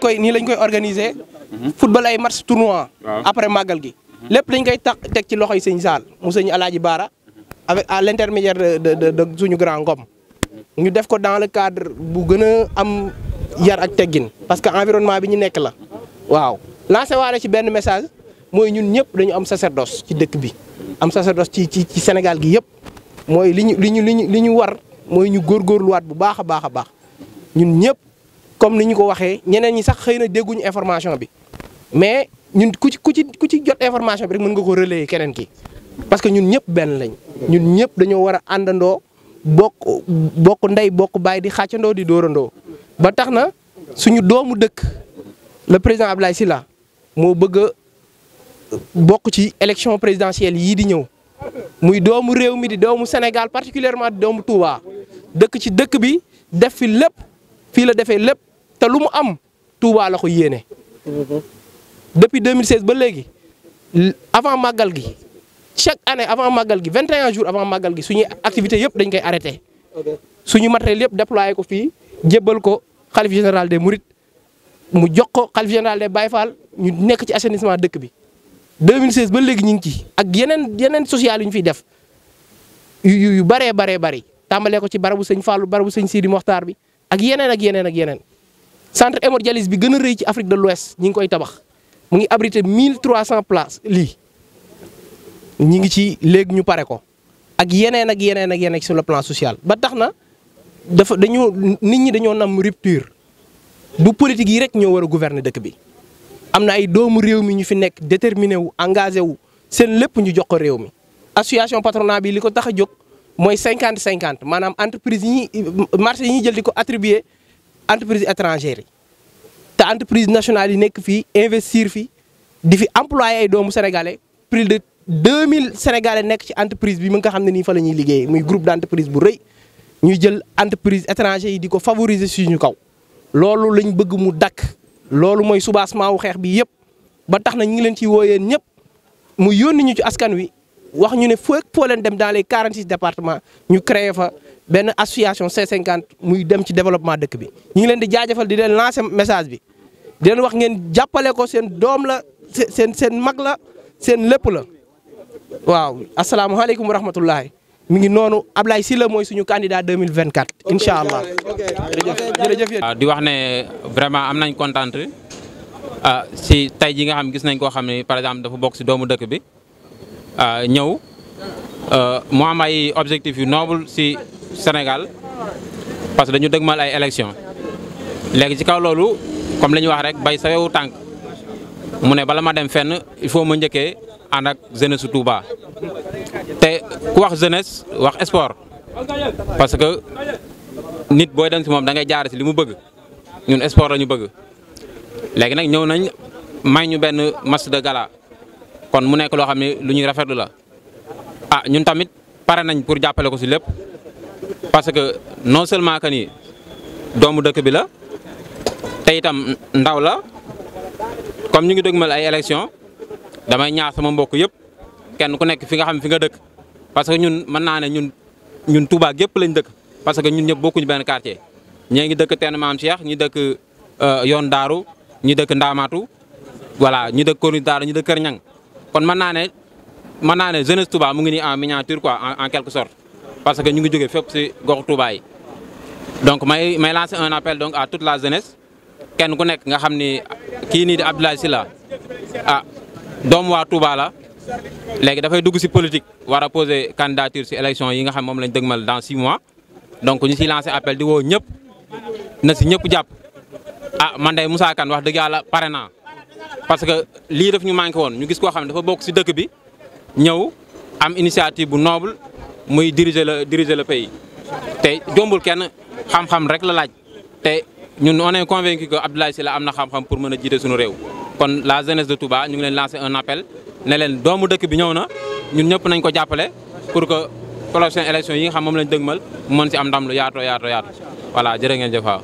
koy nii lañ koy organiser. Mhm. football ay match tournoi. après màggal gi. lépp dañ koy tax teg ci loxo loxoy sëñ Saal mu sëñ Alaaji Baara. avec à l' intermédiaire de de suñu grand ngom. ñu def ko dans le cadre bu gën a am yar ak teggin parce que environnement bi ñu nekk la. waaw lancé waale ci benn message mooy ñun ñëpp dañu am sacerdoce ci dëkk bi am sacerdoce ci ci ci Sénégal gi yëpp mooy li ñu li ñu li ñu war mooy ñu góorgóorluwaat bu baax a baax a baax ñun ñëpp. comme ni ñu ko waxee ñeneen ñi sax xëy na dégguñu information bi mais ñun ku ci ku ci ku ci jot information bi rek mën nga koo relayer keneen ki parce que ñun ñëpp benn lañ ñun ñëpp dañoo war a àndandoo bokk bokk ndey bokk baay di xàccandoo di dóorandoo ba tax na suñu doomu dëkk la président Abdoulaye la moo bëgg a bokk ci élection présidentielle yii di ñëw muy doomu réew mi di doomu Sénégal particulièrement di doomu Touba dëkk ci dëkk bi def fi lépp fii la defee lépp te lu mu am Touba la ko yéene. depuis 2016 ba léegi avant màggal gi chaque année avant màggal gi vingt 21 jour avant màggal gi suñuy activité yëpp dañ koy su ñu matériel yëpp déployé ko fii jébbal ko xalif général des Mourides mu jox ko xalif général des Baye Fall ñu nekk ci assainissement dëkk bi. 2016 ba léegi ñu ngi ci ak yeneen yeneen social yu ñu fiy def yu yu baree baree bari tàmbalee ko ci barabu sëñ Fallou barabu sëñ Sidi Mokhtar bi ak yeneen ak yeneen ak yeneen. centre hémodialyse bi gën a rëy ci Afrique de l'Ouest ñi ngi koy tabax mu ngi mille abrité 1300 places lii ñi ngi ci léegi ñu pare ko ak yeneen ak yeneen ak yeneen sur le plan social ba tax na dafa dañoo nit ñi dañoo nam rupture du politique yi rek ñoo war a gouverner dëkk bi am na ay doomu réew mi ñu fi nekk déterminé wu engagé wu seen lépp ñu jox ko réew mi. association patronat bi li ko tax a jóg mooy cinquante cinquante maanaam entreprise yi marché yi ñuy jël ko attribuer entreprise étrangère yi te entreprise nationale yi nekk fii investir fi di fi employé ay doomu sénégalais plus de mille sénégalais nekk ci entreprise bi mu nga xam ne nii fa la ñuy liggéeyee muy groupe d' entreprise bu rëy ñuy jël entreprise étranger yi di ko favoriser suñu kaw loolu lañ bëgg mu dakk loolu mooy soubassement wu xeex bi yëpp ba tax na ñu ngi leen ciy wooyeen ñëpp mu yónni ñu ci askan wi wax ñu ne foog foo leen dem dans les 46 départements ñu créé fa benn association c muy dem ci développement dëkk bi ñu ngi leen di jaajëfal di leen lancer message bi di leen wax ngeen jàppale ko seen doom la seen seen mag la seen lépp la waaw asalaamualeykum wa rahmatullahi mu ngi noonu si la mooy suñu candidat 2024 incha allah. jërëjëf waaw ah, di wax ne vraiment am nañ kontaan ah, si tey ji nga xam gis nañ koo xam ne par exemple dafa bokk si doomu dëkk bi ah, ñëw mu am objectif yu noble si. Sénégal parce que dañu dëgmal ay élection léegi ci kaw loolu comme li ñu wax rek bay sawewu tànk mu ne bala ma dem fenn il faut ma njëkkee ànd ak jeunesse su Touba te ku wax jeunesse wax sport parce que nit booy dem si moom da ngay jaar si li mu bëgg ñun sport la ñu bëgg léegi nag ñëw nañ may ñu benn match de gala kon mu nekk loo xam ne lu ñuy rafetu la a ah, ñun tamit pare nañ pour jàppale ko si lépp. parce que non seulement que ni doomu dëkk bi la te itam ndaw la comme ñu ngi dëgmal ay élection damay ñaar sama mbokk yëpp kenn ku nekk fi nga xam fi nga dëkk parce que ñun mën naa ne ñun ñun Touba gépp lañ dëkk parce que ñun ñëpp bokkuñu benn quartier ñee ngi dëkk Teen Maam Cheikh ñi dëkk euh, yoon daaru ñi dëkk ndaamaatu voilà ñi dëkk Kër daaru ñi dëkk Kër Ñang kon mën naa ne mën naa ne mu ngi nii en miniature quoi en quelque sorte parce que ñu ngi jógee fépp si gox Touba yi donc may may lancer un appel donc à toute la jeunesse kenn ku nekk nga xam ni kii nii di Abdoulaye Sylla a ah, doom waa Touba la léegi dafay dugg si politique war a poser candidature si élection yi nga xam moom lañ dëgmal dans six mois donc ñu si lancer appel di woo ñëpp na si ñëpp jàpp ah man day Moussa Kane wax dëgg yàlla pare naa parce que lii def ñu manqué woon ñu gis koo xam ne dafa bokk si dëkk bi ñëw am initiative bu noble muy diriger la diriger la pays te jombul kenn xam-xam rek la laaj te ñun on est ko que Abdoulaye Sylla am na xam-xam pour mën a jiite suñu réew. kon la jeunesse de Touba ñu ngi leen lancé un appel neleen doomu dëkk bi ñëw na ñun ñëpp nañ ko jàppale pour que prochaine élection yi nga xam moom lañ dëgmal mën si am ndam lu yaatoo yaato yaatu voilà jërë ngeen jëf waaw